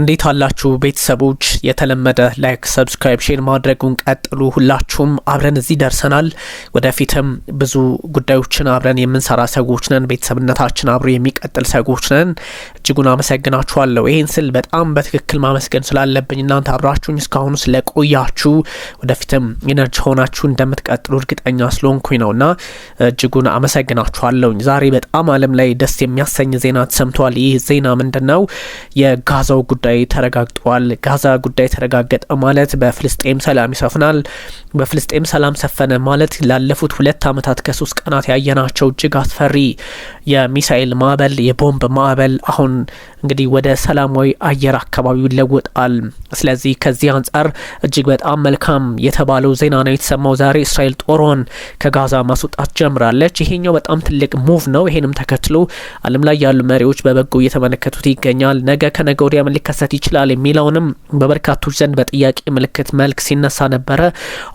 እንዴት አላችሁ ቤተሰቦች? የተለመደ ላይክ፣ ሰብስክራይብ፣ ሼር ማድረጉን ቀጥሉ። ሁላችሁም አብረን እዚህ ደርሰናል። ወደፊትም ብዙ ጉዳዮችን አብረን የምንሰራ ሰዎች ነን። ቤተሰብነታችን አብሮ የሚቀጥል ሰዎች ነን። እጅጉን አመሰግናችኋለሁ። ይህን ስል በጣም በትክክል ማመስገን ስላለብኝ እናንተ አብራችሁኝ እስካሁኑ ስለቆያችሁ ወደፊትም ኢነርጂ ሆናችሁ እንደምትቀጥሉ እርግጠኛ ስለሆንኩኝ ነውና እጅጉን አመሰግናችኋለሁኝ። ዛሬ በጣም አለም ላይ ደስ የሚያሰኝ ዜና ተሰምቷል። ይህ ዜና ምንድን ነው? የጋዛው ጉዳይ ጉዳይ ተረጋግጧል። ጋዛ ጉዳይ ተረጋገጠ ማለት በፍልስጤም ሰላም ይሰፍናል። በፍልስጤም ሰላም ሰፈነ ማለት ላለፉት ሁለት ዓመታት ከሶስት ቀናት ያየናቸው እጅግ አስፈሪ የሚሳኤል ማዕበል፣ የቦምብ ማዕበል አሁን እንግዲህ ወደ ሰላማዊ አየር አካባቢው ይለወጣል። ስለዚህ ከዚህ አንጻር እጅግ በጣም መልካም የተባለው ዜና ነው የተሰማው ዛሬ። እስራኤል ጦሯን ከጋዛ ማስወጣት ጀምራለች። ይሄኛው በጣም ትልቅ ሙቭ ነው። ይሄንም ተከትሎ ዓለም ላይ ያሉ መሪዎች በበጎ እየተመለከቱት ይገኛል። ነገ ከነገ ወዲያ ምን ሊከሰት ይችላል የሚለውንም በበርካቶች ዘንድ በጥያቄ ምልክት መልክ ሲነሳ ነበረ።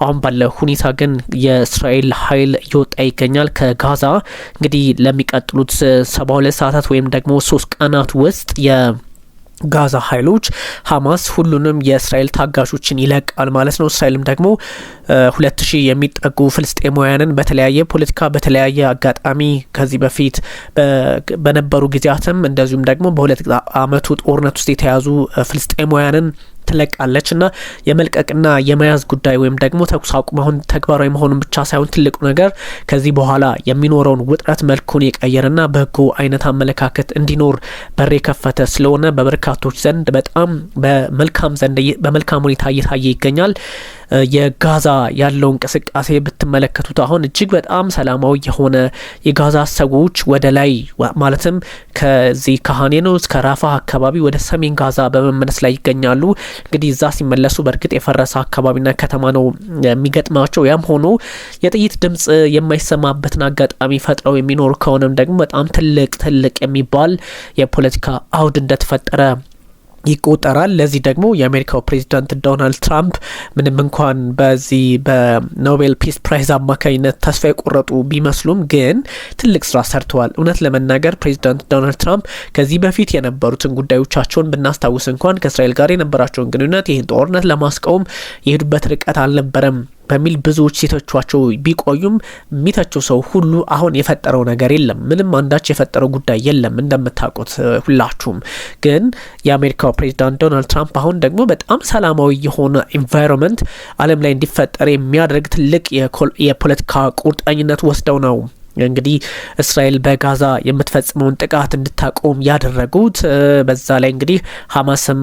አሁን ባለ ሁኔታ ግን የእስራኤል ኃይል እየወጣ ይገኛል ከጋዛ እንግዲህ ለሚቀጥሉት ሰባ ሁለት ሰዓታት ወይም ደግሞ ሶስት ቀናት ውስጥ የ ጋዛ ኃይሎች ሀማስ ሁሉንም የእስራኤል ታጋሾችን ይለቃል ማለት ነው። እስራኤልም ደግሞ ሁለት ሺህ የሚጠጉ ፍልስጤማውያንን በተለያየ ፖለቲካ በተለያየ አጋጣሚ ከዚህ በፊት በነበሩ ጊዜያትም እንደዚሁም ደግሞ በሁለት ዓመቱ ጦርነት ውስጥ የተያዙ ፍልስጤማውያንን ትለቃለች እና የመልቀቅና የመያዝ ጉዳይ ወይም ደግሞ ተኩስ አቁም አሁን ተግባራዊ መሆኑን ብቻ ሳይሆን ትልቁ ነገር ከዚህ በኋላ የሚኖረውን ውጥረት መልኩን የቀየረና በጎ አይነት አመለካከት እንዲኖር በር የከፈተ ስለሆነ በበርካቶች ዘንድ በጣም በመልካም ዘንድ በመልካም ሁኔታ እየታየ ይገኛል። የጋዛ ያለው እንቅስቃሴ ብትመለከቱት አሁን እጅግ በጣም ሰላማዊ የሆነ የጋዛ ሰዎች ወደ ላይ ማለትም ከዚህ እስከ ከራፋ አካባቢ ወደ ሰሜን ጋዛ በመመለስ ላይ ይገኛሉ። እንግዲህ እዛ ሲመለሱ በእርግጥ የፈረሰ አካባቢና ከተማ ነው የሚገጥማቸው። ያም ሆኖ የጥይት ድምጽ የማይሰማበትን አጋጣሚ ፈጥረው የሚኖሩ ከሆነም ደግሞ በጣም ትልቅ ትልቅ የሚባል የፖለቲካ አውድ እንደተፈጠረ ይቆጠራል። ለዚህ ደግሞ የአሜሪካው ፕሬዚዳንት ዶናልድ ትራምፕ ምንም እንኳን በዚህ በኖቤል ፒስ ፕራይዝ አማካኝነት ተስፋ የቆረጡ ቢመስሉም ግን ትልቅ ስራ ሰርተዋል። እውነት ለመናገር ፕሬዚዳንት ዶናልድ ትራምፕ ከዚህ በፊት የነበሩትን ጉዳዮቻቸውን ብናስታውስ እንኳን ከእስራኤል ጋር የነበራቸውን ግንኙነት ይህን ጦርነት ለማስቆም የሄዱበት ርቀት አልነበረም። በሚል ብዙዎች ሲተቿቸው ቢቆዩም የሚተቸው ሰው ሁሉ አሁን የፈጠረው ነገር የለም። ምንም አንዳች የፈጠረው ጉዳይ የለም እንደምታውቁት ሁላችሁም። ግን የአሜሪካው ፕሬዚዳንት ዶናልድ ትራምፕ አሁን ደግሞ በጣም ሰላማዊ የሆነ ኢንቫይሮንመንት ዓለም ላይ እንዲፈጠር የሚያደርግ ትልቅ የፖለቲካ ቁርጠኝነት ወስደው ነው እንግዲህ እስራኤል በጋዛ የምትፈጽመውን ጥቃት እንድታቆም ያደረጉት በዛ ላይ እንግዲህ ሀማስም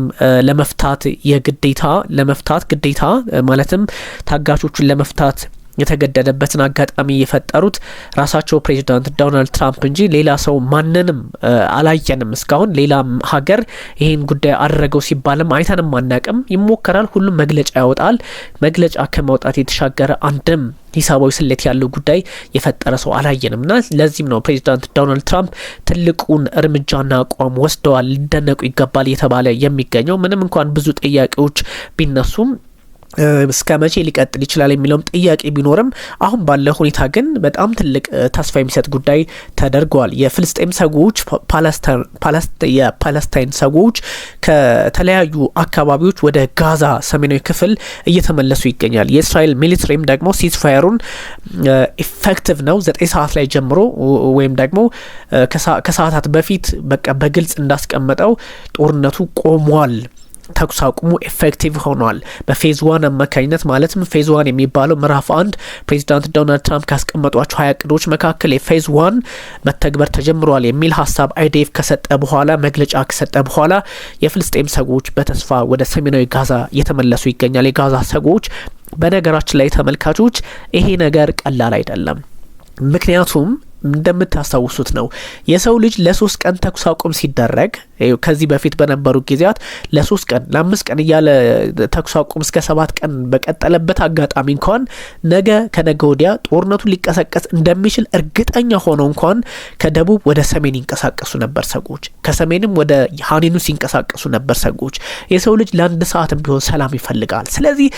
ለመፍታት የግዴታ ለመፍታት ግዴታ ማለትም ታጋቾቹን ለመፍታት የተገደደበትን አጋጣሚ የፈጠሩት ራሳቸው ፕሬዚዳንት ዶናልድ ትራምፕ እንጂ ሌላ ሰው ማንንም አላየንም። እስካሁን ሌላ ሀገር ይህን ጉዳይ አደረገው ሲባልም አይተንም አናቅም። ይሞከራል፣ ሁሉም መግለጫ ያወጣል። መግለጫ ከማውጣት የተሻገረ አንድም ሂሳባዊ ስሌት ያለው ጉዳይ የፈጠረ ሰው አላየንም እና ለዚህም ነው ፕሬዚዳንት ዶናልድ ትራምፕ ትልቁን እርምጃና አቋም ወስደዋል፣ ሊደነቁ ይገባል እየተባለ የሚገኘው ምንም እንኳን ብዙ ጥያቄዎች ቢነሱም እስከ መቼ ሊቀጥል ይችላል የሚለውም ጥያቄ ቢኖርም አሁን ባለ ሁኔታ ግን በጣም ትልቅ ተስፋ የሚሰጥ ጉዳይ ተደርገዋል። የፍልስጤም ሰዎች የፓለስታይን ሰዎች ከተለያዩ አካባቢዎች ወደ ጋዛ ሰሜናዊ ክፍል እየተመለሱ ይገኛል። የእስራኤል ሚሊትሪም ደግሞ ሲዝፋየሩን ኢፌክቲቭ ነው ዘጠኝ ሰዓት ላይ ጀምሮ ወይም ደግሞ ከሰዓታት በፊት በቃ በግልጽ እንዳስቀመጠው ጦርነቱ ቆሟል ተኩስ አቁሙ ኤፌክቲቭ ሆኗል። በፌዝ ዋን አማካኝነት ማለትም ፌዝ ዋን የሚባለው ምዕራፍ አንድ ፕሬዚዳንት ዶናልድ ትራምፕ ካስቀመጧቸው ሀያ እቅዶች መካከል የፌዝ ዋን መተግበር ተጀምሯል የሚል ሀሳብ አይዴፍ ከሰጠ በኋላ መግለጫ ከሰጠ በኋላ የፍልስጤም ሰዎች በተስፋ ወደ ሰሜናዊ ጋዛ እየተመለሱ ይገኛል። የጋዛ ሰዎች በነገራችን ላይ ተመልካቾች፣ ይሄ ነገር ቀላል አይደለም። ምክንያቱም እንደምታስታውሱት ነው የሰው ልጅ ለሶስት ቀን ተኩስ አቁም ሲደረግ ከዚህ በፊት በነበሩ ጊዜያት ለሶስት ቀን ለአምስት ቀን እያለ ተኩስ አቁም እስከ ሰባት ቀን በቀጠለበት አጋጣሚ እንኳን ነገ ከነገ ወዲያ ጦርነቱ ሊቀሰቀስ እንደሚችል እርግጠኛ ሆኖ እንኳን ከደቡብ ወደ ሰሜን ይንቀሳቀሱ ነበር ሰዎች፣ ከሰሜንም ወደ ሀኔኑ ሲንቀሳቀሱ ነበር ሰዎች። የሰው ልጅ ለአንድ ሰዓትም ቢሆን ሰላም ይፈልጋል። ስለዚህ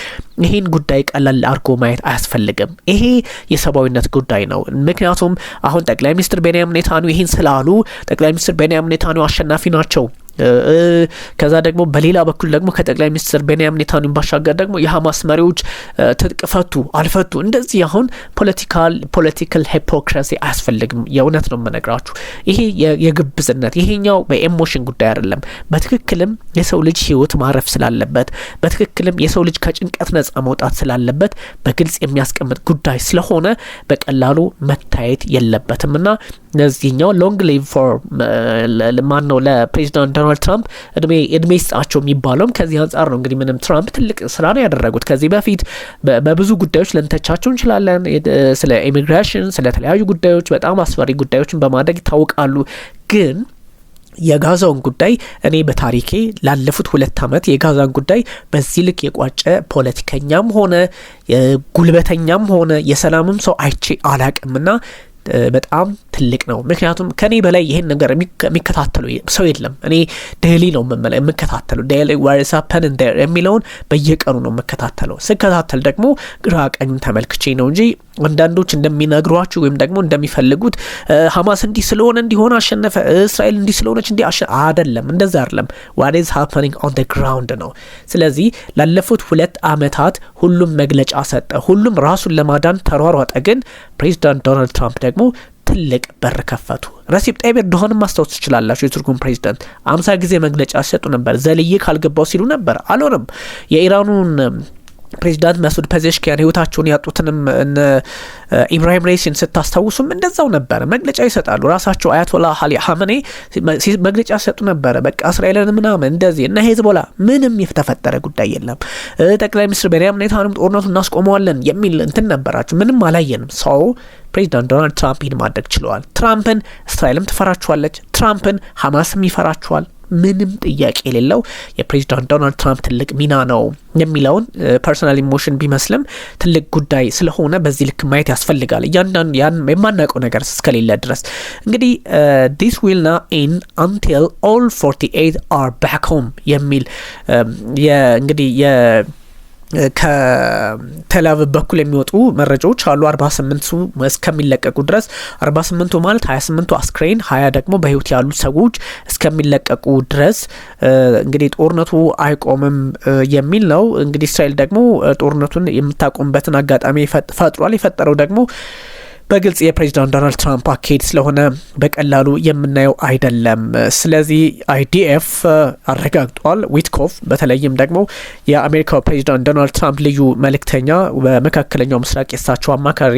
ይህን ጉዳይ ቀላል አድርጎ ማየት አያስፈልግም። ይሄ የሰብአዊነት ጉዳይ ነው። ምክንያቱም አሁን ጠቅላይ ሚኒስትር ቤንያም ኔታኑ ይህን ስላሉ ጠቅላይ ሚኒስትር ቤንያም ኔታኑ አሸናፊ ናቸው። ከዛ ደግሞ በሌላ በኩል ደግሞ ከጠቅላይ ሚኒስትር ቤንያም ኔታንያሁ ባሻገር ደግሞ የሀማስ መሪዎች ትጥቅ ፈቱ አልፈቱ፣ እንደዚህ አሁን ፖለቲካል ፖለቲካል ሂፖክራሲ አያስፈልግም። የእውነት ነው የምነግራችሁ። ይሄ የግብዝነት ይሄኛው በኤሞሽን ጉዳይ አይደለም። በትክክልም የሰው ልጅ ህይወት ማረፍ ስላለበት፣ በትክክልም የሰው ልጅ ከጭንቀት ነጻ መውጣት ስላለበት በግልጽ የሚያስቀምጥ ጉዳይ ስለሆነ በቀላሉ መታየት የለበትም እና ለዚህኛው ሎንግ ሊቭ ፎር ማን ነው ለፕሬዚዳንት ዶናልድ ትራምፕ እድሜ እድሜ ይስጣቸው የሚባለውም ከዚህ አንጻር ነው። እንግዲህ ምንም ትራምፕ ትልቅ ስራ ነው ያደረጉት። ከዚህ በፊት በብዙ ጉዳዮች ልንተቻቸው እንችላለን። ስለ ኢሚግሬሽን፣ ተለያዩ ጉዳዮች በጣም አስፈሪ ጉዳዮችን በማድረግ ይታወቃሉ ግን የጋዛውን ጉዳይ እኔ በታሪኬ ላለፉት ሁለት ዓመት የጋዛን ጉዳይ በዚህ ልክ የቋጨ ፖለቲከኛም ሆነ ጉልበተኛም ሆነ የሰላምም ሰው አይቼ አላቅምና በጣም ትልቅ ነው። ምክንያቱም ከኔ በላይ ይሄን ነገር የሚከታተሉ ሰው የለም። እኔ ዴሊ ነው መመለ የምከታተለው ዴይሊ ዋትስ ሀፐን የሚለውን በየቀኑ ነው የምከታተለው። ስከታተል ደግሞ ግራ ቀኝ ተመልክቼ ነው እንጂ አንዳንዶች እንደሚነግሯችሁ ወይም ደግሞ እንደሚፈልጉት ሀማስ እንዲህ ስለሆነ እንዲሆነ አሸነፈ፣ እስራኤል እንዲህ ስለሆነች እንዲህ አደለም። እንደዛ አይደለም። ዋት ኢዝ ሀፐኒንግ ኦን ደ ግራውንድ ነው። ስለዚህ ላለፉት ሁለት አመታት ሁሉም መግለጫ ሰጠ፣ ሁሉም ራሱን ለማዳን ተሯሯጠ። ግን ፕሬዚዳንት ዶናልድ ትራምፕ ደግሞ ትልቅ በር ከፈቱ። ረሲፕ ጣይብ ኤርዶሃንን ማስታወስ ትችላላችሁ። የቱርኩን ፕሬዚዳንት አምሳ ጊዜ መግለጫ ሲሰጡ ነበር። ዘልዬ ካልገባው ሲሉ ነበር። አልሆነም። የኢራኑን ፕሬዚዳንት መሱድ ፐዜሽኪያን ህይወታቸውን ያጡትንም ኢብራሂም ሬሲን ስታስታውሱም እንደዛው ነበረ። መግለጫ ይሰጣሉ። ራሳቸው አያቶላ ሀሊ ሀመኔ መግለጫ ሲሰጡ ነበረ። በቃ እስራኤልን ምናምን እንደዚህ እና ሄዝቦላ ምንም የተፈጠረ ጉዳይ የለም። ጠቅላይ ሚኒስትር ቤንያሚን ኔታንያሁም ጦርነቱ እናስቆመዋለን የሚል እንትን ነበራቸው። ምንም አላየንም። ሰው ፕሬዚዳንት ዶናልድ ትራምፕ ይህን ማድረግ ችለዋል። ትራምፕን እስራኤልም ትፈራችኋለች። ትራምፕን ሀማስም ይፈራችኋል። ምንም ጥያቄ የሌለው የፕሬዚዳንት ዶናልድ ትራምፕ ትልቅ ሚና ነው የሚለውን ፐርሶናል ኢሞሽን ቢመስልም ትልቅ ጉዳይ ስለሆነ በዚህ ልክ ማየት ያስፈልጋል። እያንዳንዱ ያን የማናውቀው ነገር እስከሌለ ድረስ እንግዲህ ዲስ ዊል ና ኢን አንቲል ኦል 48 አር ባክ ሆም የሚል እንግዲህ ከተላቪቭ በኩል የሚወጡ መረጃዎች አሉ። አርባ ስምንቱ እስከሚለቀቁ ድረስ አርባ ስምንቱ ማለት ሀያ ስምንቱ አስክሬን ሀያ ደግሞ በህይወት ያሉ ሰዎች እስከሚለቀቁ ድረስ እንግዲህ ጦርነቱ አይቆምም የሚል ነው። እንግዲህ እስራኤል ደግሞ ጦርነቱን የምታቆምበትን አጋጣሚ ፈጥሯል። የፈጠረው ደግሞ በግልጽ የፕሬዚዳንት ዶናልድ ትራምፕ አካሄድ ስለሆነ በቀላሉ የምናየው አይደለም። ስለዚህ አይዲኤፍ አረጋግጧል። ዊትኮፍ በተለይም ደግሞ የአሜሪካው ፕሬዚዳንት ዶናልድ ትራምፕ ልዩ መልእክተኛ በመካከለኛው ምስራቅ የሳቸው አማካሪ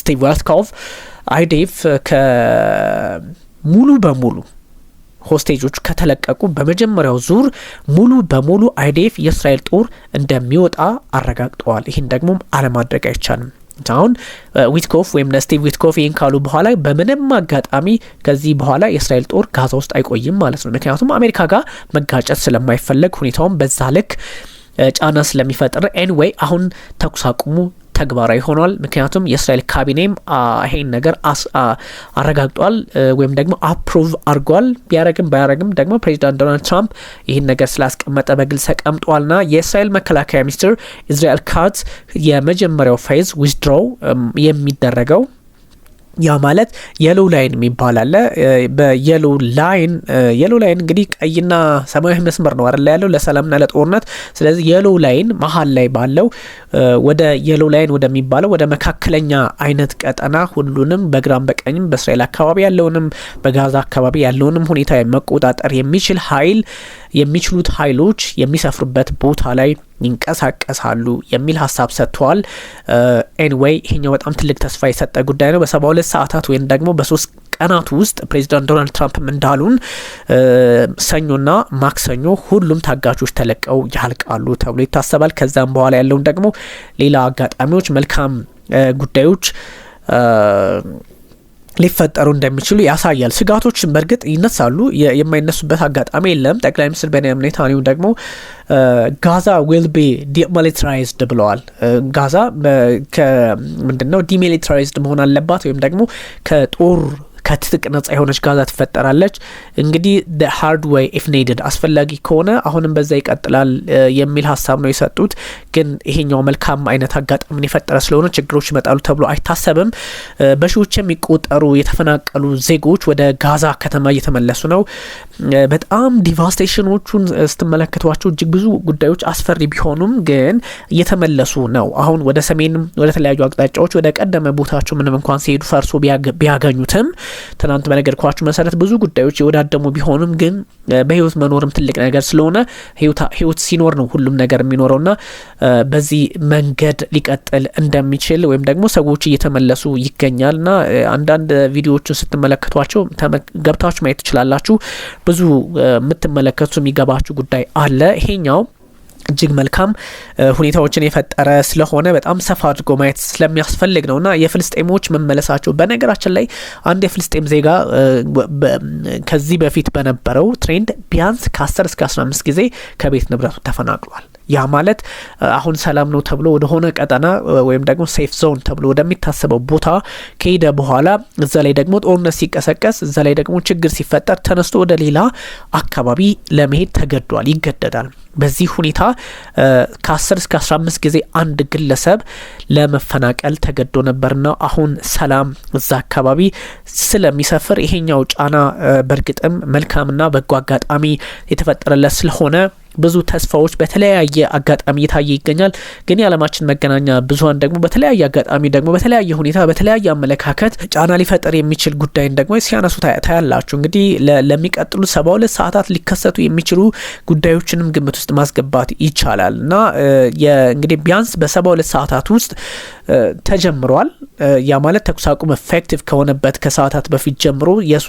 ስቲቭ ዋትኮፍ አይዲኤፍ ከሙሉ በሙሉ ሆስቴጆች ከተለቀቁ በመጀመሪያው ዙር ሙሉ በሙሉ አይዲኤፍ የእስራኤል ጦር እንደሚወጣ አረጋግጠዋል። ይህን ደግሞም አለማድረግ አይቻልም። አሁን ዊትኮፍ uh, ወይም ነስቲቭ ዊትኮፍ ይህን ካሉ በኋላ በምንም አጋጣሚ ከዚህ በኋላ የእስራኤል ጦር ጋዛ ውስጥ አይቆይም ማለት ነው። ምክንያቱም አሜሪካ ጋር መጋጨት ስለማይፈለግ ሁኔታውም በዛ ልክ uh, ጫና ስለሚፈጥር ኤንዌይ አሁን ተኩስ አቁሙ ተግባራዊ ሆኗል። ምክንያቱም የእስራኤል ካቢኔም ይሄን ነገር አረጋግጧል ወይም ደግሞ አፕሩቭ አድርጓል። ቢያረግም ባያረግም ደግሞ ፕሬዚዳንት ዶናልድ ትራምፕ ይህን ነገር ስላስቀመጠ በግልጽ ና የእስራኤል መከላከያ ሚኒስትር ኢዝራኤል ካት የመጀመሪያው ፌዝ ዊዝድሮው የሚደረገው ያ ማለት የሎ ላይን የሚባል አለ። በየሎ ላይን የሎ ላይን እንግዲህ ቀይና ሰማያዊ መስመር ነው አይደል ያለው ለሰላምና ለጦርነት። ስለዚህ የሎ ላይን መሀል ላይ ባለው ወደ የሎ ላይን ወደሚባለው ወደ መካከለኛ አይነት ቀጠና ሁሉንም በግራም በቀኝም በእስራኤል አካባቢ ያለውንም በጋዛ አካባቢ ያለውንም ሁኔታ መቆጣጠር የሚችል ኃይል የሚችሉት ኃይሎች የሚሰፍሩበት ቦታ ላይ ይንቀሳቀሳሉ የሚል ሀሳብ ሰጥተዋል። ኤኒዌይ ይሄኛው በጣም ትልቅ ተስፋ የሰጠ ጉዳይ ነው። በሰባ ሁለት ሰዓታት ወይም ደግሞ በሶስት ቀናት ውስጥ ፕሬዚዳንት ዶናልድ ትራምፕም እንዳሉን ሰኞና ማክሰኞ ሁሉም ታጋቾች ተለቀው ያልቃሉ ተብሎ ይታሰባል። ከዛም በኋላ ያለውን ደግሞ ሌላ አጋጣሚዎች መልካም ጉዳዮች ሊፈጠሩ እንደሚችሉ ያሳያል። ስጋቶችን በእርግጥ ይነሳሉ፣ የማይነሱበት አጋጣሚ የለም። ጠቅላይ ሚኒስትር ቤንያሚን ኔታንያሁ ደግሞ ጋዛ ዊል ቢ ዲሚሊታራይዝድ ብለዋል። ጋዛ ምንድነው ዲሚሊታራይዝድ መሆን አለባት ወይም ደግሞ ከጦር ከትጥቅ ነጻ የሆነች ጋዛ ትፈጠራለች። እንግዲህ ሃርድ ዌይ ኢፍ ኔድድ አስፈላጊ ከሆነ አሁንም በዛ ይቀጥላል የሚል ሀሳብ ነው የሰጡት። ግን ይሄኛው መልካም አይነት አጋጣሚን የፈጠረ ስለሆነ ችግሮች ይመጣሉ ተብሎ አይታሰብም። በሺዎች የሚቆጠሩ የተፈናቀሉ ዜጎች ወደ ጋዛ ከተማ እየተመለሱ ነው። በጣም ዲቫስቴሽኖቹን ስትመለከቷቸው እጅግ ብዙ ጉዳዮች አስፈሪ ቢሆኑም ግን እየተመለሱ ነው። አሁን ወደ ሰሜን ወደ ተለያዩ አቅጣጫዎች ወደ ቀደመ ቦታቸው ምንም እንኳን ሲሄዱ ፈርሶ ቢያገኙትም ትናንት በነገርኳችሁ መሰረት ብዙ ጉዳዮች የወዳደሙ ቢሆንም ግን በህይወት መኖርም ትልቅ ነገር ስለሆነ ህይወት ሲኖር ነው ሁሉም ነገር የሚኖረውና በዚህ መንገድ ሊቀጥል እንደሚችል ወይም ደግሞ ሰዎች እየተመለሱ ይገኛል እና አንዳንድ ቪዲዮዎችን ስትመለከቷቸው ገብታችሁ ማየት ትችላላችሁ። ብዙ የምትመለከቱ የሚገባችሁ ጉዳይ አለ ይሄኛው እጅግ መልካም ሁኔታዎችን የፈጠረ ስለሆነ በጣም ሰፋ አድርጎ ማየት ስለሚያስፈልግ ነውና የፍልስጤሞች መመለሳቸው በነገራችን ላይ አንድ የፍልስጤም ዜጋ ከዚህ በፊት በነበረው ትሬንድ ቢያንስ ከ10 እስከ 15 ጊዜ ከቤት ንብረቱ ተፈናቅሏል። ያ ማለት አሁን ሰላም ነው ተብሎ ወደሆነ ቀጠና ወይም ደግሞ ሴፍ ዞን ተብሎ ወደሚታሰበው ቦታ ከሄደ በኋላ እዛ ላይ ደግሞ ጦርነት ሲቀሰቀስ እዛ ላይ ደግሞ ችግር ሲፈጠር ተነስቶ ወደ ሌላ አካባቢ ለመሄድ ተገዷል፣ ይገደዳል። በዚህ ሁኔታ ከ10 እስከ 15 ጊዜ አንድ ግለሰብ ለመፈናቀል ተገዶ ነበርና አሁን ሰላም እዛ አካባቢ ስለሚሰፍር ይሄኛው ጫና በእርግጥም መልካምና በጎ አጋጣሚ የተፈጠረለት ስለሆነ ብዙ ተስፋዎች በተለያየ አጋጣሚ እየታየ ይገኛል። ግን የዓለማችን መገናኛ ብዙሀን ደግሞ በተለያየ አጋጣሚ ደግሞ በተለያየ ሁኔታ በተለያየ አመለካከት ጫና ሊፈጠር የሚችል ጉዳይን ደግሞ ሲያነሱ ታያላችሁ። እንግዲህ ለሚቀጥሉ ሰባ ሁለት ሰዓታት ሊከሰቱ የሚችሉ ጉዳዮችንም ግምት ውስጥ ማስገባት ይቻላል እና እንግዲህ ቢያንስ በሰባ ሁለት ሰዓታት ውስጥ ተጀምረዋል። ያ ማለት ተኩስ አቁም ኤፌክቲቭ ከሆነበት ከሰዓታት በፊት ጀምሮ የሱ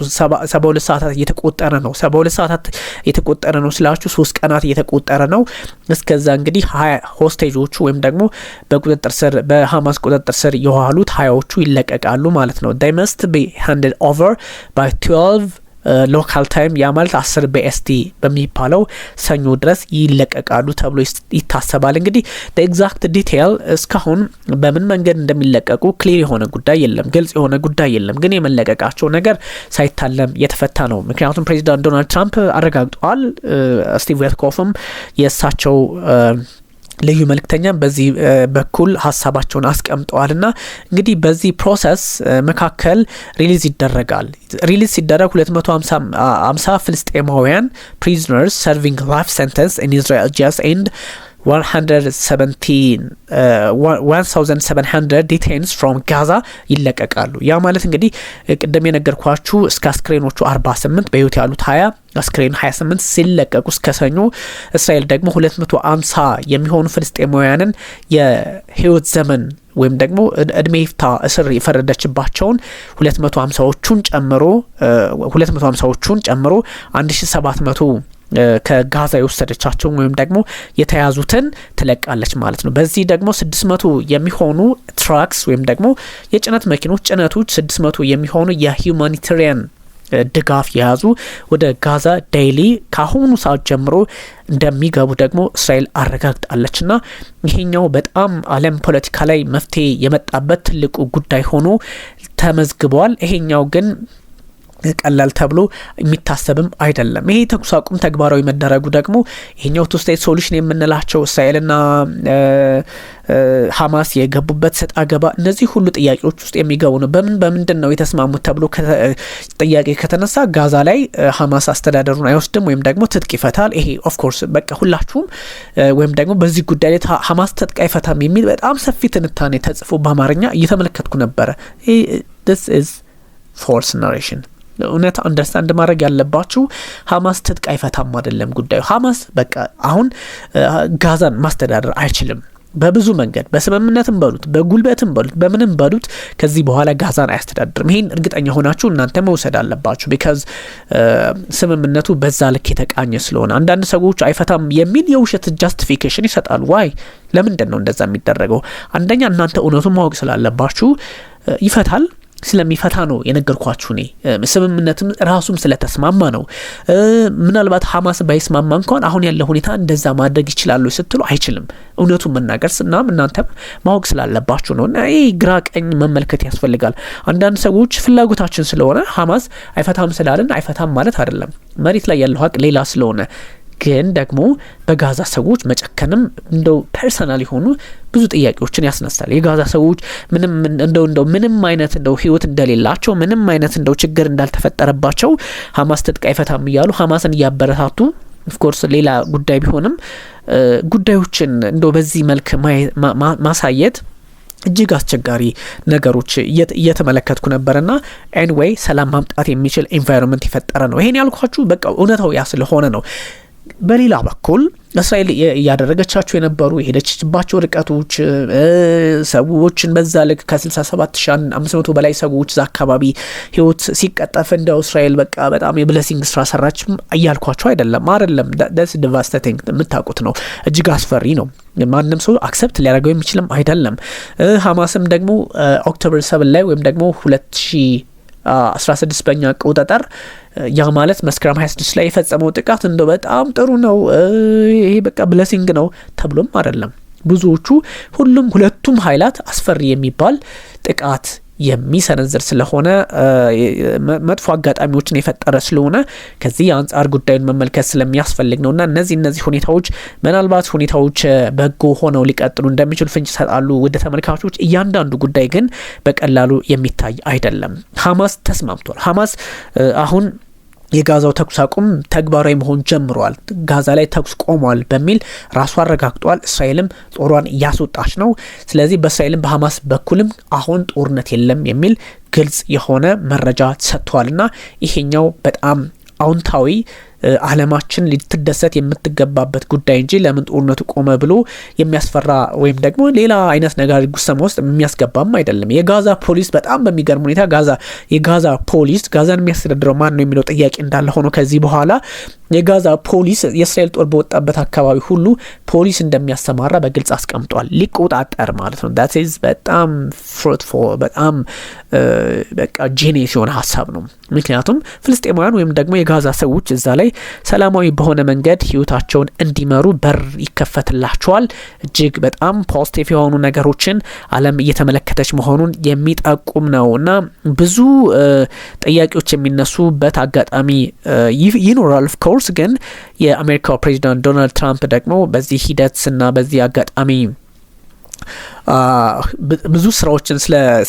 ሰባ ሁለት ሰዓታት እየተቆጠረ ነው። ሰባ ሁለት ሰዓታት እየተቆጠረ ነው ስላችሁ ሶስት ቀናት እየተቆጠረ ነው። እስከዛ እንግዲህ ሀያ ሆስቴጆቹ ወይም ደግሞ በቁጥጥር ስር በሀማስ ቁጥጥር ስር የዋሉት ሀያዎቹ ይለቀቃሉ ማለት ነው። they must be handed ሎካል ታይም ያ ማለት አስር በኤስቲ በሚባለው ሰኞ ድረስ ይለቀቃሉ ተብሎ ይታሰባል። እንግዲህ ኤግዛክት ዲቴይል እስካሁን በምን መንገድ እንደሚለቀቁ ክሊር የሆነ ጉዳይ የለም፣ ግልጽ የሆነ ጉዳይ የለም። ግን የመለቀቃቸው ነገር ሳይታለም የተፈታ ነው። ምክንያቱም ፕሬዚዳንት ዶናልድ ትራምፕ አረጋግጠዋል፣ ስቲቭ ዌትኮፍም የእሳቸው ልዩ መልክተኛም በዚህ በኩል ሀሳባቸውን አስቀምጠዋል እና እንግዲህ በዚህ ፕሮሰስ መካከል ሪሊዝ ይደረጋል። ሪሊዝ ሲደረግ 250 ፍልስጤማውያን ፕሪዝነርስ ሰርቪንግ ላይፍ ሰንተንስ ኢን ኢዝራኤል ጃስ ኤንድ 1700 ዲቴንስ ፍሮም ጋዛ ይለቀቃሉ። ያ ማለት እንግዲህ uh, ቅደም የነገርኳችሁ እስከ አስክሬኖቹ 48 በህይወት ያሉት 20 አስክሬን 28 ሲለቀቁ እስከ ሰኞ እስራኤል ደግሞ 250 የሚሆኑ ፍልስጤማውያንን የህይወት ዘመን ወይም ደግሞ እድሜ ይፍታ እስር የፈረደችባቸውን 250ዎቹን ጨምሮ 250ዎቹን uh, ጨምሮ 1700 ከጋዛ የወሰደቻቸውን ወይም ደግሞ የተያዙትን ትለቃለች ማለት ነው። በዚህ ደግሞ ስድስት መቶ የሚሆኑ ትራክስ ወይም ደግሞ የጭነት መኪኖች ጭነቶች ስድስት መቶ የሚሆኑ የሂውማኒታሪያን ድጋፍ የያዙ ወደ ጋዛ ዴይሊ ከአሁኑ ሰዓት ጀምሮ እንደሚገቡ ደግሞ እስራኤል አረጋግጣለች። ና ይሄኛው በጣም ዓለም ፖለቲካ ላይ መፍትሄ የመጣበት ትልቁ ጉዳይ ሆኖ ተመዝግበዋል። ይሄኛው ግን ቀላል ተብሎ የሚታሰብም አይደለም። ይሄ ተኩስ አቁም ተግባራዊ መደረጉ ደግሞ ይሄኛው ቱ ስቴት ሶሉሽን የምንላቸው እስራኤልና ሀማስ የገቡበት ሰጥ አገባ እነዚህ ሁሉ ጥያቄዎች ውስጥ የሚገቡ ነው። በምን በምንድን ነው የተስማሙት ተብሎ ጥያቄ ከተነሳ ጋዛ ላይ ሀማስ አስተዳደሩን አይወስድም ወይም ደግሞ ትጥቅ ይፈታል። ይሄ ኦፍኮርስ በቃ ሁላችሁም ወይም ደግሞ በዚህ ጉዳይ ላይ ሀማስ ትጥቅ አይፈታም የሚል በጣም ሰፊ ትንታኔ ተጽፎ በአማርኛ እየተመለከትኩ ነበረ። ስ ፎልስ ናሬሽን እውነት አንደርስታንድ ማድረግ ያለባችሁ ሀማስ ትጥቅ አይፈታም አይደለም ጉዳዩ። ሀማስ በቃ አሁን ጋዛን ማስተዳደር አይችልም። በብዙ መንገድ በስምምነትም በሉት በጉልበትም በሉት በምንም በሉት ከዚህ በኋላ ጋዛን አያስተዳድርም። ይህን እርግጠኛ ሆናችሁ እናንተ መውሰድ አለባችሁ። ቢካዝ ስምምነቱ በዛ ልክ የተቃኘ ስለሆነ አንዳንድ ሰዎች አይፈታም የሚል የውሸት ጃስቲፊኬሽን ይሰጣሉ። ዋይ ለምንድን ነው እንደዛ የሚደረገው? አንደኛ እናንተ እውነቱን ማወቅ ስላለባችሁ ይፈታል ስለሚፈታ ነው የነገርኳችሁ። እኔ ስምምነትም ራሱም ስለተስማማ ነው። ምናልባት ሀማስ ባይስማማ እንኳን አሁን ያለ ሁኔታ እንደዛ ማድረግ ይችላሉ ስትሉ አይችልም። እውነቱን መናገር ስናም እናንተም ማወቅ ስላለባችሁ ነው። እና ይህ ግራ ቀኝ መመልከት ያስፈልጋል። አንዳንድ ሰዎች ፍላጎታችን ስለሆነ ሀማስ አይፈታም ስላለን አይፈታም ማለት አይደለም። መሬት ላይ ያለው ሀቅ ሌላ ስለሆነ ግን ደግሞ በጋዛ ሰዎች መጨከንም እንደው ፐርሰናል የሆኑ ብዙ ጥያቄዎችን ያስነሳል። የጋዛ ሰዎች ምንም እንደው እንደው ምንም አይነት እንደው ህይወት እንደሌላቸው ምንም አይነት እንደው ችግር እንዳልተፈጠረባቸው ሀማስ ትጥቅ አይፈታም እያሉ ሀማስን እያበረታቱ ኦፍኮርስ ሌላ ጉዳይ ቢሆንም ጉዳዮችን እንደው በዚህ መልክ ማሳየት እጅግ አስቸጋሪ ነገሮች እየተመለከትኩ ነበርና ኤንዌይ ሰላም ማምጣት የሚችል ኢንቫይሮንመንት የፈጠረ ነው። ይሄን ያልኳችሁ በቃ እውነታው ያ ስለሆነ ነው። በሌላ በኩል እስራኤል እያደረገቻቸው የነበሩ የሄደችባቸው ርቀቶች ሰዎችን በዛ ልክ ከ67500 በላይ ሰዎች እዛ አካባቢ ህይወት ሲቀጠፍ እንደው እስራኤል በቃ በጣም የብለሲንግ ስራ ሰራች እያልኳቸው አይደለም፣ አይደለም። ደስ ዲቫስቴቲንግ የምታውቁት ነው። እጅግ አስፈሪ ነው። ማንም ሰው አክሰፕት ሊያደርገው የሚችልም አይደለም። ሀማስም ደግሞ ኦክቶበር 7 ላይ ወይም ደግሞ 2016 በኛ አቆጣጠር ያ ማለት መስከረም 26 ላይ የፈጸመው ጥቃት እንደው በጣም ጥሩ ነው፣ ይሄ በቃ ብለሲንግ ነው ተብሎም አይደለም። ብዙዎቹ ሁሉም ሁለቱም ኃይላት አስፈሪ የሚባል ጥቃት የሚሰነዝር ስለሆነ መጥፎ አጋጣሚዎችን የፈጠረ ስለሆነ ከዚህ የአንጻር ጉዳዩን መመልከት ስለሚያስፈልግ ነው እና እነዚህ እነዚህ ሁኔታዎች ምናልባት ሁኔታዎች በጎ ሆነው ሊቀጥሉ እንደሚችሉ ፍንጭ ይሰጣሉ። ውድ ተመልካቾች፣ እያንዳንዱ ጉዳይ ግን በቀላሉ የሚታይ አይደለም። ሀማስ ተስማምቷል። ሀማስ አሁን የጋዛው ተኩስ አቁም ተግባራዊ መሆን ጀምረዋል፣ ጋዛ ላይ ተኩስ ቆሟል በሚል ራሱ አረጋግጧል። እስራኤልም ጦሯን እያስወጣች ነው። ስለዚህ በእስራኤልም በሀማስ በኩልም አሁን ጦርነት የለም የሚል ግልጽ የሆነ መረጃ ሰጥተዋልና ይሄኛው በጣም አዎንታዊ አለማችን ልትደሰት የምትገባበት ጉዳይ እንጂ ለምን ጦርነቱ ቆመ ብሎ የሚያስፈራ ወይም ደግሞ ሌላ አይነት ነገር ጉሰማ ውስጥ የሚያስገባም አይደለም። የጋዛ ፖሊስ በጣም በሚገርም ሁኔታ ጋዛ የጋዛ ፖሊስ ጋዛን የሚያስተዳድረው ማን ነው የሚለው ጥያቄ እንዳለ ሆኖ ከዚህ በኋላ የጋዛ ፖሊስ የእስራኤል ጦር በወጣበት አካባቢ ሁሉ ፖሊስ እንደሚያሰማራ በግልጽ አስቀምጧል። ሊቆጣጠር ማለት ነው። ዳት ኢዝ በጣም ፍሩትፎል በጣም በቃ ጄኔስ የሆነ ሀሳብ ነው። ምክንያቱም ፍልስጤማውያን ወይም ደግሞ የጋዛ ሰዎች እዛ ላይ ሰላማዊ በሆነ መንገድ ህይወታቸውን እንዲመሩ በር ይከፈትላቸዋል። እጅግ በጣም ፖዚቲቭ የሆኑ ነገሮችን ዓለም እየተመለከተች መሆኑን የሚጠቁም ነው እና ብዙ ጥያቄዎች የሚነሱበት አጋጣሚ ይኖራል ኦፍኮርስ ግን የአሜሪካው ፕሬዚዳንት ዶናልድ ትራምፕ ደግሞ በዚህ ሂደትና በዚህ አጋጣሚ ብዙ ስራዎችን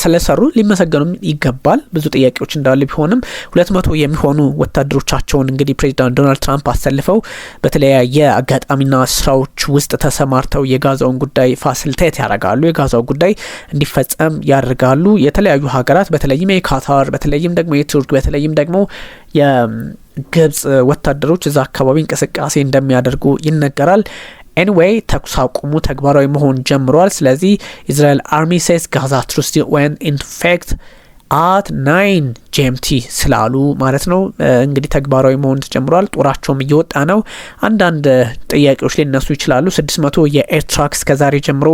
ስለሰሩ ሊመሰገኑም ይገባል። ብዙ ጥያቄዎች እንዳሉ ቢሆንም ሁለት መቶ የሚሆኑ ወታደሮቻቸውን እንግዲህ ፕሬዚዳንት ዶናልድ ትራምፕ አሰልፈው በተለያየ አጋጣሚና ስራዎች ውስጥ ተሰማርተው የጋዛውን ጉዳይ ፋሲሊቴት ያደርጋሉ። የጋዛው ጉዳይ እንዲፈጸም ያደርጋሉ። የተለያዩ ሀገራት በተለይም የካታር በተለይም ደግሞ የቱርክ በተለይም ደግሞ የግብጽ ወታደሮች እዛ አካባቢ እንቅስቃሴ እንደሚያደርጉ ይነገራል። ኤኒዌይ ተኩስ አቁሙ ተግባራዊ መሆን ጀምሯል። ስለዚህ ኢዝራኤል አርሚ ሴስ ጋዛ ትሩስቲ ወን ኢንፌክት አት ናይን ጄምቲ ስላሉ ማለት ነው እንግዲህ ተግባራዊ መሆን ተጀምሯል። ጦራቸውም እየወጣ ነው። አንዳንድ ጥያቄዎች ሊነሱ ይችላሉ። ስድስት መቶ የኤርትራክ እስከዛሬ ጀምሮ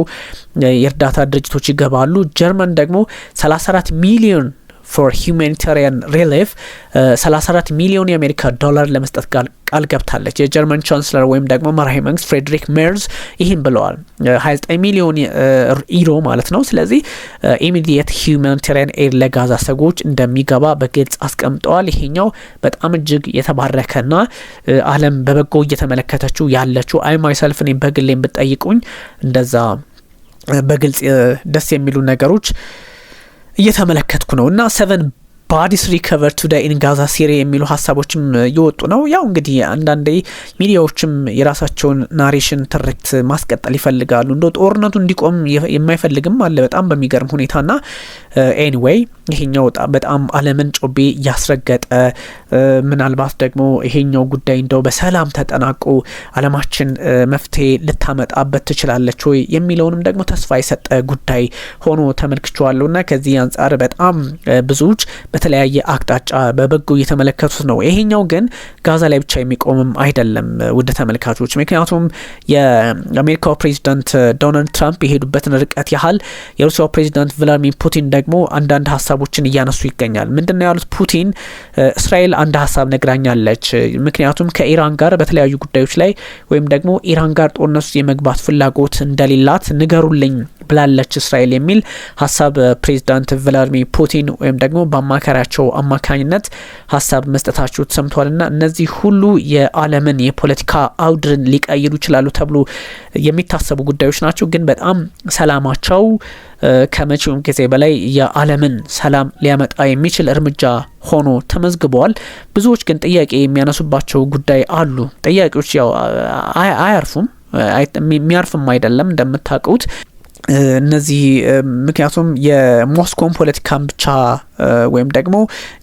የእርዳታ ድርጅቶች ይገባሉ። ጀርመን ደግሞ ሰላሳ አራት ሚሊዮን ፎር ሁማኒታሪያን ሪሊፍ 34 ሚሊዮን የአሜሪካ ዶላር ለመስጠት ጋር ቃል ገብታለች። የጀርመን ቻንስለር ወይም ደግሞ መራሄ መንግስት ፍሬድሪክ ሜርዝ ይህን ብለዋል። 29 ሚሊዮን ኢሮ ማለት ነው። ስለዚህ ኢሚዲየት ሁማኒታሪያን ኤድ ለጋዛ ሰዎች እንደሚገባ በግልጽ አስቀምጠዋል። ይሄኛው በጣም እጅግ የተባረከና uh, ዓለም በበጎ እየተመለከተችው ያለችው አይ ማይሰልፍ እኔም በግሌ ብጠይቁኝ እንደዛ uh, በግልጽ uh, ደስ የሚሉ ነገሮች እየተመለከትኩ ነው እና ሰቨን ባዲስ ሪከቨር ቱዳይ ኢን ጋዛ ሲሪ የሚሉ ሀሳቦችም እየወጡ ነው። ያው እንግዲህ አንዳንዴ ሚዲያዎችም የራሳቸውን ናሬሽን ትርክት ማስቀጠል ይፈልጋሉ። እንደ ጦርነቱ እንዲቆም የማይፈልግም አለ በጣም በሚገርም ሁኔታና ኤኒዌይ uh, ይሄኛው በጣም አለምን ጮቤ እያስረገጠ ምናልባት ደግሞ ይሄኛው ጉዳይ እንደው በሰላም ተጠናቆ አለማችን መፍትሄ ልታመጣበት ትችላለች ወይ የሚለውንም ደግሞ ተስፋ የሰጠ ጉዳይ ሆኖ ተመልክቼዋለሁ እና ከዚህ አንጻር በጣም ብዙዎች በተለያየ አቅጣጫ በበጎ እየተመለከቱት ነው። ይሄኛው ግን ጋዛ ላይ ብቻ የሚቆምም አይደለም ውድ ተመልካቾች፣ ምክንያቱም የአሜሪካው ፕሬዚዳንት ዶናልድ ትራምፕ የሄዱበትን ርቀት ያህል የሩሲያው ፕሬዚዳንት ቭላድሚር ፑቲን ደግሞ አንዳንድ ሀሳቦችን እያነሱ ይገኛል። ምንድነው ያሉት ፑቲን እስራኤል አንድ ሀሳብ ነግራኛለች። ምክንያቱም ከኢራን ጋር በተለያዩ ጉዳዮች ላይ ወይም ደግሞ ኢራን ጋር ጦርነት ውስጥ የመግባት ፍላጎት እንደሌላት ንገሩልኝ ብላለች እስራኤል የሚል ሀሳብ ፕሬዚዳንት ቭላድሚር ፑቲን ወይም ደግሞ በአማካሪያቸው አማካኝነት ሀሳብ መስጠታቸው ተሰምቷልና እነዚህ ሁሉ የዓለምን የፖለቲካ አውድርን ሊቀይሩ ይችላሉ ተብሎ የሚታሰቡ ጉዳዮች ናቸው። ግን በጣም ሰላማቸው ከመቼውም ጊዜ በላይ የዓለምን ሰላም ሊያመጣ የሚችል እርምጃ ሆኖ ተመዝግበዋል። ብዙዎች ግን ጥያቄ የሚያነሱባቸው ጉዳይ አሉ። ጥያቄዎች ያው አያርፉም፣ የሚያርፍም አይደለም እንደምታውቁት እነዚህ ምክንያቱም የሞስኮን ፖለቲካን ብቻ ወይም ደግሞ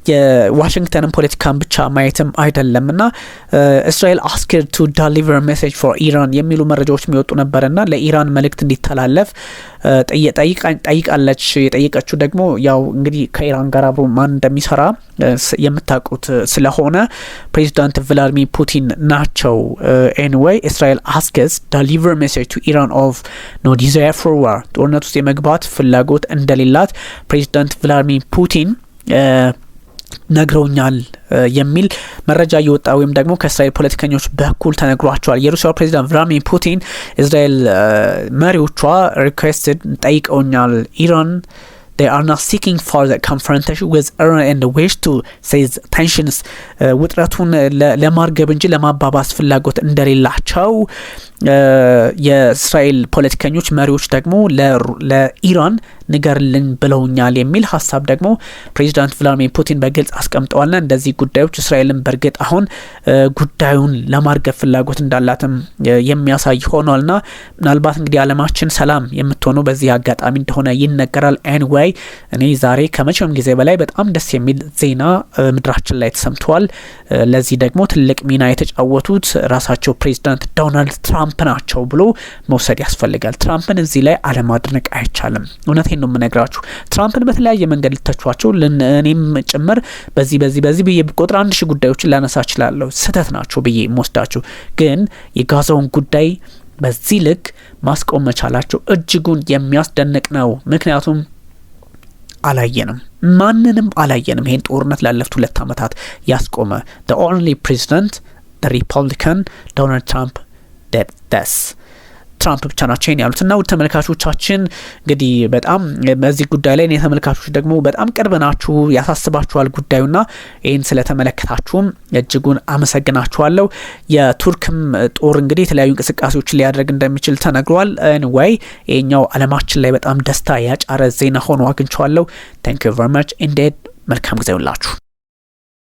የዋሽንግተንን ፖለቲካን ብቻ ማየትም አይደለም እና እስራኤል አስኪር ቱ ደሊቨር ሜሴጅ ፎር ኢራን የሚሉ መረጃዎች የሚወጡ ነበር ና ለኢራን መልእክት እንዲተላለፍ ጠይቃለች። የጠየቀችው ደግሞ ያው እንግዲህ ከኢራን ጋር አብሮ ማን እንደሚሰራ የምታውቁት ስለሆነ ፕሬዚዳንት ቭላዲሚር ፑቲን ናቸው። ኤኒዌይ እስራኤል አስክስ ዳሊቨር ሜሴጅ ቱ ኢራን ኦፍ ኖ ዲዛይር ፎር ዋር ጦርነት ውስጥ የመግባት ፍላጎት እንደሌላት ፕሬዚዳንት ቭላዲሚር ፑቲን ነግረውኛል የሚል መረጃ እየወጣ ወይም ደግሞ ከእስራኤል ፖለቲከኞች በኩል ተነግሯቸዋል። የሩሲያ ፕሬዚዳንት ቭላድሚር ፑቲን እስራኤል መሪዎቿ ሪኩዌስትድ ጠይቀውኛል ኢራን ውጥረቱን ለማርገብ እንጂ ለማባባስ ፍላጎት እንደሌላቸው የእስራኤል ፖለቲከኞች መሪዎች ደግሞ ለኢራን ንገርልን ብለውኛል የሚል ሀሳብ ደግሞ ፕሬዚዳንት ቭላድሚር ፑቲን በግልጽ አስቀምጠዋልና እንደዚህ ጉዳዮች እስራኤልን በእርግጥ አሁን ጉዳዩን ለማርገብ ፍላጎት እንዳላትም የሚያሳይ ሆኗልና ምናልባት እንግዲህ አለማችን ሰላም የምትሆነው በዚህ አጋጣሚ እንደሆነ ይነገራል። ኤንዋይ እኔ ዛሬ ከመቼውም ጊዜ በላይ በጣም ደስ የሚል ዜና ምድራችን ላይ ተሰምተዋል። ለዚህ ደግሞ ትልቅ ሚና የተጫወቱት ራሳቸው ፕሬዚዳንት ዶናልድ ትራምፕ ትራምፕ ናቸው ብሎ መውሰድ ያስፈልጋል። ትራምፕን እዚህ ላይ አለማድነቅ አይቻልም። እውነቴን ነው የምነግራችሁ። ትራምፕን በተለያየ መንገድ ልተቿቸው፣ እኔም ጭምር በዚህ በዚህ በዚህ ብዬ ቁጥር አንድ ሺህ ጉዳዮችን ላነሳ እችላለሁ። ስህተት ናቸው ብዬ የምወስዳችሁ ግን የጋዛውን ጉዳይ በዚህ ልክ ማስቆም መቻላቸው እጅጉን የሚያስደንቅ ነው። ምክንያቱም አላየንም፣ ማንንም አላየንም ይህን ጦርነት ላለፉት ሁለት ዓመታት ያስቆመ ኦንሊ ፕሬዚደንት ሪፐብሊካን ዶናልድ ትራምፕ ደስ ትራምፕ ብቻ ናቸው ይን ያሉት እና ውድ ተመልካቾቻችን እንግዲህ በጣም በዚህ ጉዳይ ላይ እኔ ተመልካቾች ደግሞ በጣም ቅርብ ናችሁ፣ ያሳስባችኋል ጉዳዩና ይህን ስለተመለከታችሁም እጅጉን አመሰግናችኋለሁ። የቱርክም ጦር እንግዲህ የተለያዩ እንቅስቃሴዎችን ሊያደርግ እንደሚችል ተነግሯል። እንዋይ ይህኛው አለማችን ላይ በጣም ደስታ ያጫረ ዜና ሆኖ አግኝቸዋለሁ። ታንክ ዩ ቨሪ ማች ኢንዴድ መልካም ጊዜ ይሁንላችሁ።